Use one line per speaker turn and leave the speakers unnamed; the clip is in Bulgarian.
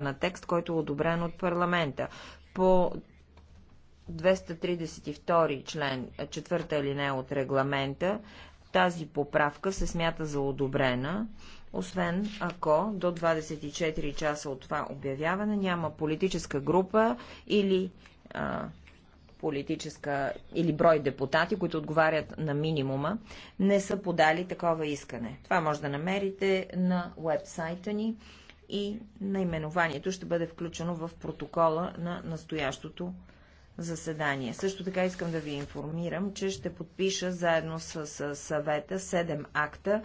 на текст, който е одобрен от парламента. По 232 член, е, четвърта алинея от регламента, тази поправка се смята за одобрена, освен ако до 24 часа от това обявяване няма политическа група или а, политическа или брой депутати, които отговарят на минимума, не са подали такова искане. Това може да намерите на вебсайта ни и наименованието ще бъде включено в протокола на настоящото заседание. Също така искам да ви информирам, че ще подпиша заедно с съвета 7 акта,